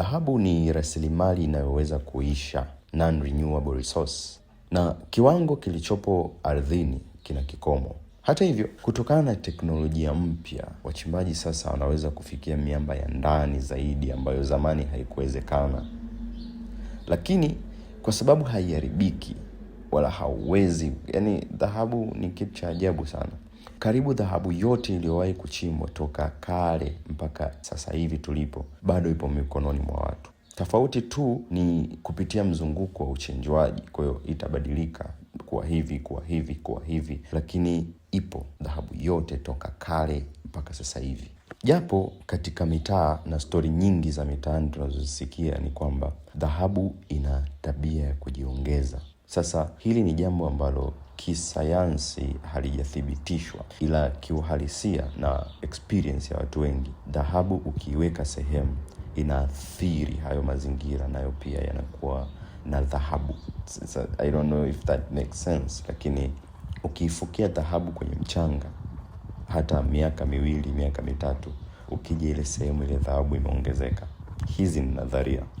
Dhahabu ni rasilimali inayoweza kuisha, non-renewable resource, na kiwango kilichopo ardhini kina kikomo. Hata hivyo, kutokana na teknolojia mpya, wachimbaji sasa wanaweza kufikia miamba ya ndani zaidi ambayo zamani haikuwezekana, lakini kwa sababu haiharibiki wala hauwezi. yani dhahabu ni kitu cha ajabu sana. Karibu dhahabu yote iliyowahi kuchimbwa toka kale mpaka sasa hivi tulipo, bado ipo mikononi mwa watu. Tofauti tu ni kupitia mzunguko wa uchenjwaji, kwahiyo itabadilika kuwa hivi kuwa hivi kuwa hivi, lakini ipo dhahabu yote toka kale mpaka sasa hivi. Japo katika mitaa na stori nyingi za mitaani tunazozisikia ni kwamba dhahabu ina tabia ya kujiongeza. Sasa hili ni jambo ambalo kisayansi halijathibitishwa, ila kiuhalisia na experience ya watu wengi, dhahabu ukiiweka sehemu inaathiri hayo mazingira, nayo pia yanakuwa na dhahabu. I don't know if that makes sense, lakini ukiifukia dhahabu kwenye mchanga hata miaka miwili miaka mitatu, ukija ile sehemu ile dhahabu imeongezeka. Hizi ni nadharia.